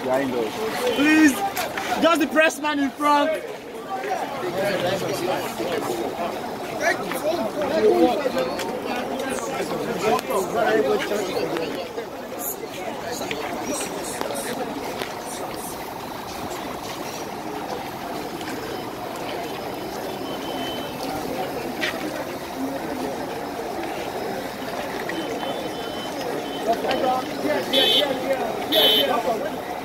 Behind us. Please, just the press man in front. Yeah, yeah, yeah, yeah, yeah, yeah.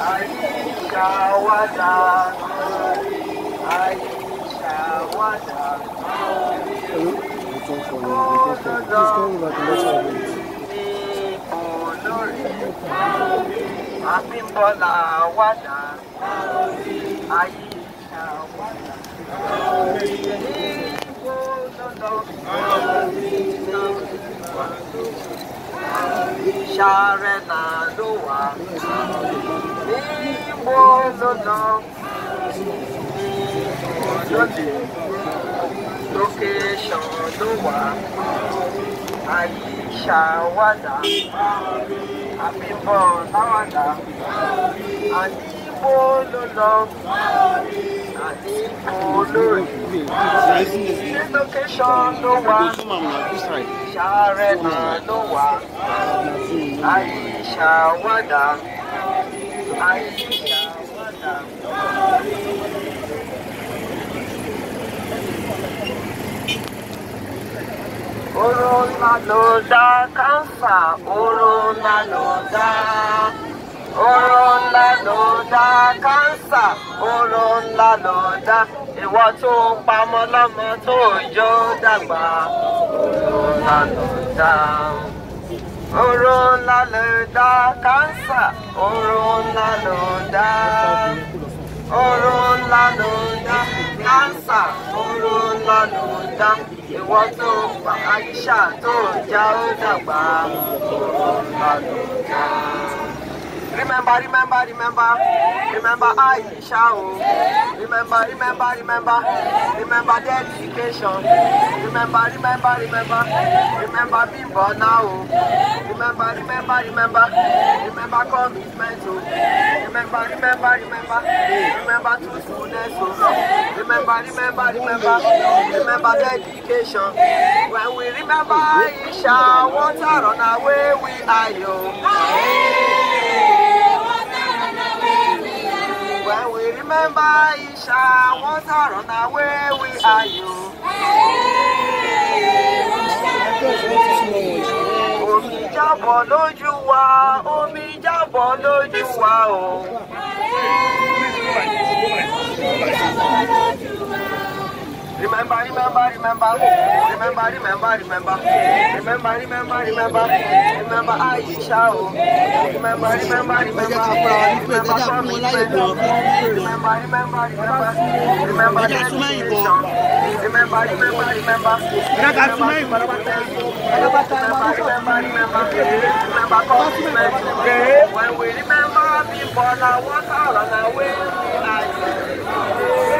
Aisha Wada aisha ọlọ́lẹ̀ lókèṣàn ló wà àyè ṣàwádà àbíbọ̀ láwàdà àdìgbò ló lọ àdìgbò lórí lókèṣàn ló wà ṣàrẹ̀ náà ló wà àyè ṣàwádà. Orun la ló dá kánsà, orun la ló dá. Orun la ló dá kánsà, orun la ló dá. Ìwọ tó ń pamọ́ lọ́mọ tó ń jó dàgbà, orun Oró ńlá ló dá kánsà. Oró ńlá ló dá. Oró ńlá ló dá kánsà. Oró ńlá ló dá. Ìwọ tó pa àyíṣà tó já ó dàgbà. Oró ńlá ló dá. Remember, remember, remember. Remember Aisha. Oh. Remember, remember, remember. Remember dedication. Remember, remember, remember. Remember being born now. Oh. Remember, remember, remember. Remember commitment. Oh. Remember, remember, remember. Remember truthfulness. Remember, remember, remember. Remember dedication. When we remember Aisha, water on our way we are. Yo. When we remember Isha, once around our way we are you. Omi jábọ̀ lójú wa, omi jábọ̀ lójú wa o. remember, remember, remember, remember, remember, remember, remember, remember, remember, remember, Aisha, remember, remember, remember, remember, remember, remember, remember, remember, Remember, remember, remember. When we remember remember, remember. Remember I remember. Remember on our Remember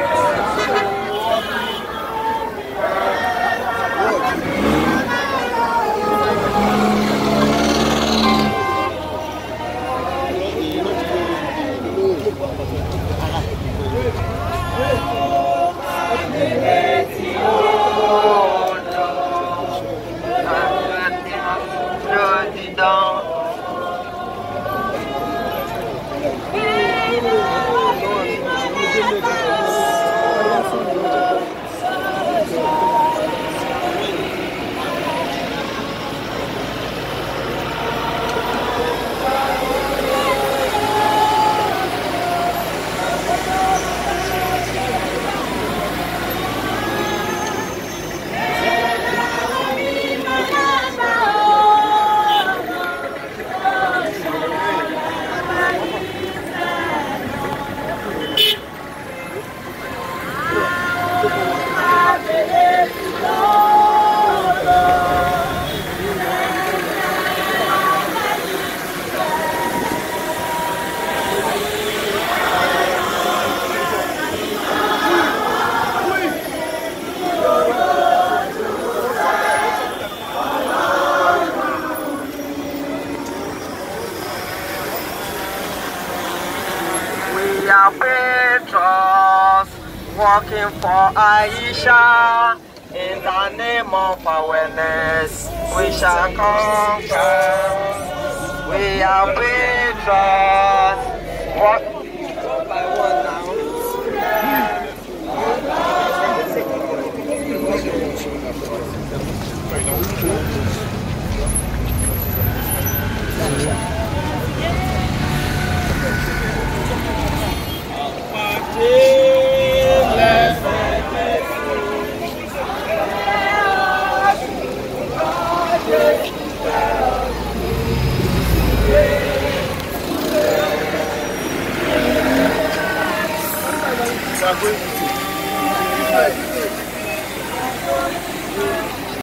working for Aisha. In the name of awareness, we shall conquer. We are patriots. What? every